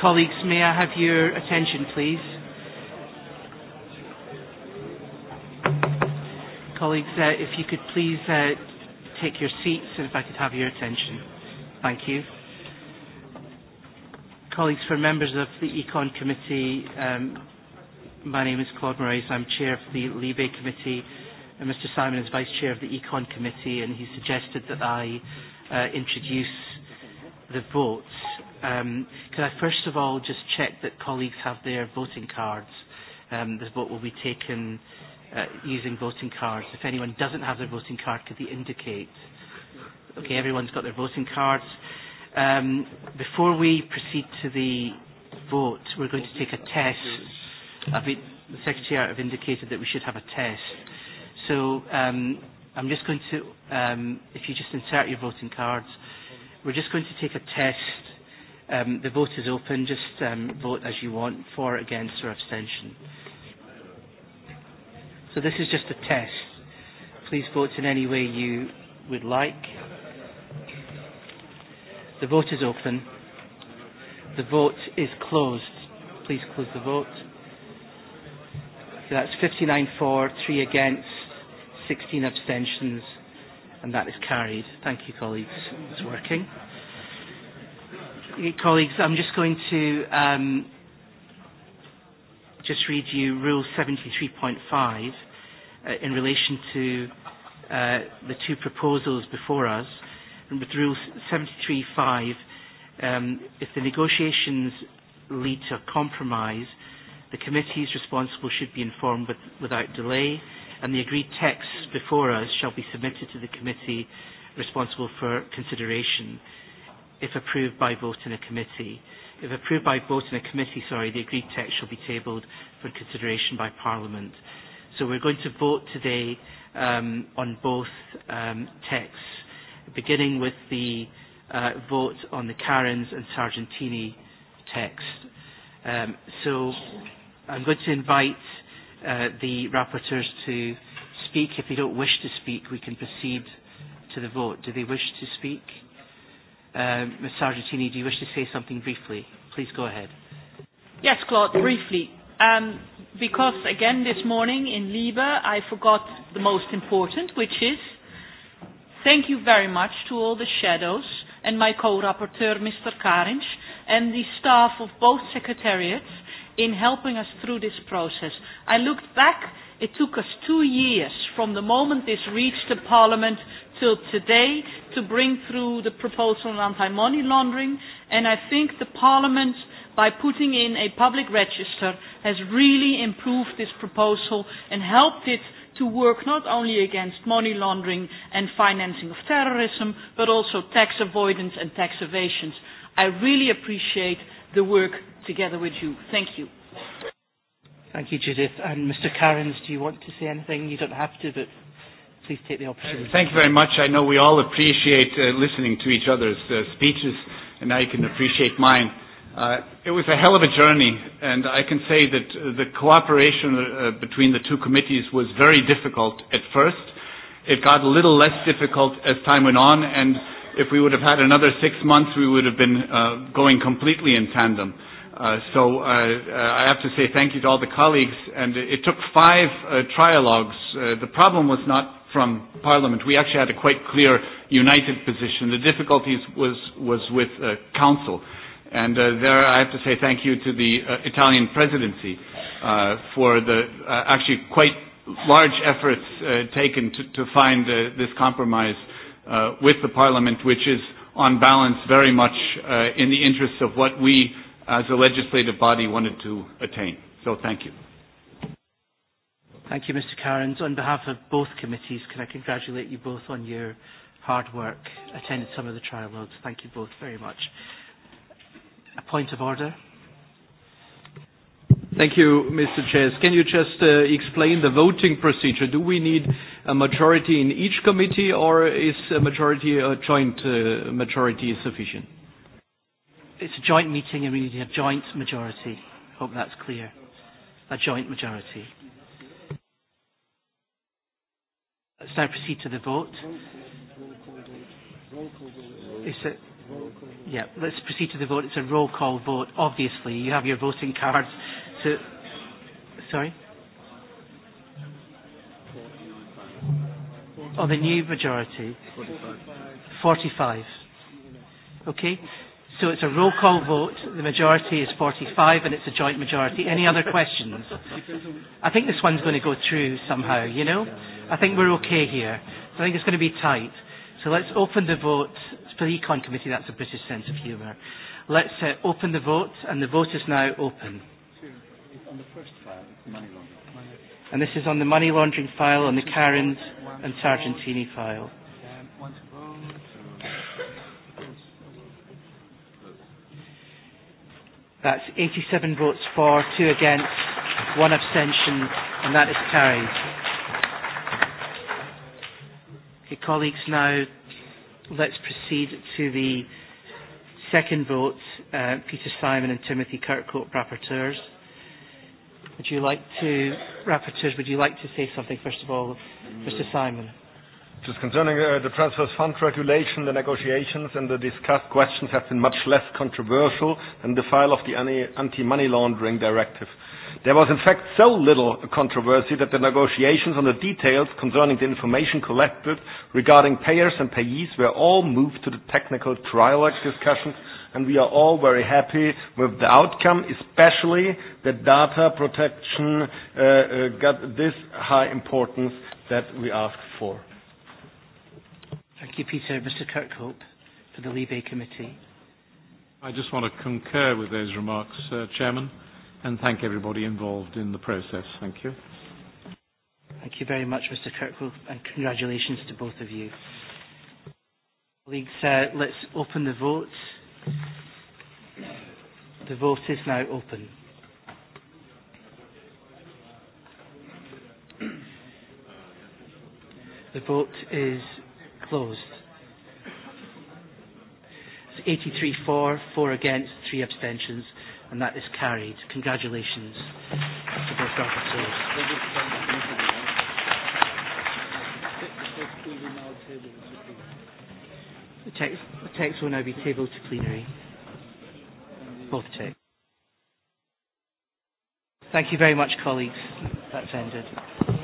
Colleagues, may I have your attention, please? Colleagues, uh, if you could please uh, take your seats and if I could have your attention. Thank you. Colleagues, for members of the Econ Committee, um, my name is Claude Moraes. I'm chair of the Libe Committee, and Mr. Simon is vice chair of the Econ Committee, and he suggested that I uh, introduce the votes, um, could I first of all just check that colleagues have their voting cards? Um, the vote will be taken uh, using voting cards. If anyone doesn't have their voting card, could they indicate? Okay, everyone's got their voting cards. Um, before we proceed to the vote, we're going to take a test. I've been, the Secretary have indicated that we should have a test. So um, I'm just going to, um, if you just insert your voting cards, We're just going to take a test. Um, the vote is open. Just um, vote as you want, for, against, or abstention. So this is just a test. Please vote in any way you would like. The vote is open. The vote is closed. Please close the vote. So that's 59 for, 3 against, 16 abstentions and that is carried. Thank you, colleagues. It's working. Colleagues, I'm just going to um, just read you Rule 73.5 uh, in relation to uh, the two proposals before us. And with Rule 73.5, um, if the negotiations lead to a compromise, The committees responsible should be informed with, without delay, and the agreed text before us shall be submitted to the committee responsible for consideration if approved by vote in a committee. If approved by vote in a committee, sorry, the agreed text shall be tabled for consideration by Parliament. So we're going to vote today um, on both um, texts, beginning with the uh, vote on the Karens and Sargentini text. Um, so I'm going to invite uh, the rapporteurs to speak. If they don't wish to speak, we can proceed to the vote. Do they wish to speak? Um, Ms. Sargentini, do you wish to say something briefly? Please go ahead. Yes, Claude, briefly. Um, because again this morning in Libre, I forgot the most important, which is thank you very much to all the shadows and my co-rapporteur, Mr. Karinch, and the staff of both secretariats in helping us through this process. I looked back, it took us two years from the moment this reached the Parliament till today to bring through the proposal on anti-money laundering, and I think the Parliament by putting in a public register has really improved this proposal and helped it to work not only against money laundering and financing of terrorism, but also tax avoidance and tax evasions. I really appreciate the work together with you. Thank you. Thank you, Judith. And Mr. Karens, do you want to say anything? You don't have to, but please take the opportunity. Uh, thank you very much. I know we all appreciate uh, listening to each other's uh, speeches, and now you can appreciate mine. Uh, it was a hell of a journey, and I can say that uh, the cooperation uh, between the two committees was very difficult at first. It got a little less difficult as time went on, and if we would have had another six months, we would have been uh, going completely in tandem. Uh, so uh, uh, I have to say thank you to all the colleagues, and it, it took five uh, trialogues. Uh, the problem was not from Parliament. We actually had a quite clear, united position. The difficulties was, was with uh, Council. Uh, And uh, there, I have to say thank you to the uh, Italian presidency uh, for the uh, actually quite large efforts uh, taken to, to find uh, this compromise uh, with the parliament, which is on balance very much uh, in the interests of what we as a legislative body wanted to attain. So thank you. Thank you, Mr. Carrens. On behalf of both committees, can I congratulate you both on your hard work, attended some of the trialogues. Thank you both very much. A point of order. Thank you, Mr. Chairs. Can you just uh, explain the voting procedure? Do we need a majority in each committee, or is a majority, a joint uh, majority sufficient? It's a joint meeting, and we need a joint majority. Hope that's clear. A joint majority. Let's now proceed to the vote. It's a, yeah, let's proceed to the vote. It's a roll call vote, obviously. You have your voting cards. So, sorry? Oh, the new majority. 45. Okay. So it's a roll call vote. The majority is 45 and it's a joint majority. Any other questions? I think this one's going to go through somehow, you know? I think we're okay here. So I think it's going to be tight. So let's open the vote. For the Econ Committee, that's a British sense of humour. Let's uh, open the vote, and the vote is now open. It's on the first file, the money laundering. And this is on the money laundering file, on the Karens and Sargentini file. That's 87 votes for, two against, one abstention, and that is carried. Okay, colleagues, now let's proceed to the second vote. Uh, Peter Simon and Timothy Kirkcote, rapporteurs. Would you like to, rapporteurs, would you like to say something, first of all, Mr. Simon? Just concerning uh, the transfers fund regulation, the negotiations and the discussed questions have been much less controversial than the file of the anti-money laundering directive. There was in fact so little controversy that the negotiations on the details concerning the information collected regarding payers and payees were all moved to the technical trilogue discussions and we are all very happy with the outcome, especially that data protection uh, uh, got this high importance that we asked for. Thank you, Peter. Mr. Kirkhope for the Libe Committee. I just want to concur with those remarks, uh, Chairman and thank everybody involved in the process. Thank you. Thank you very much, Mr. Kirkwood, and congratulations to both of you. Colleagues, uh, let's open the vote. The vote is now open. The vote is closed. It's 83 for, 4 against, 3 abstentions and that is carried. Congratulations to both officers. The text, the text will now be tabled to plenary. Both text. Thank you very much, colleagues. That's ended.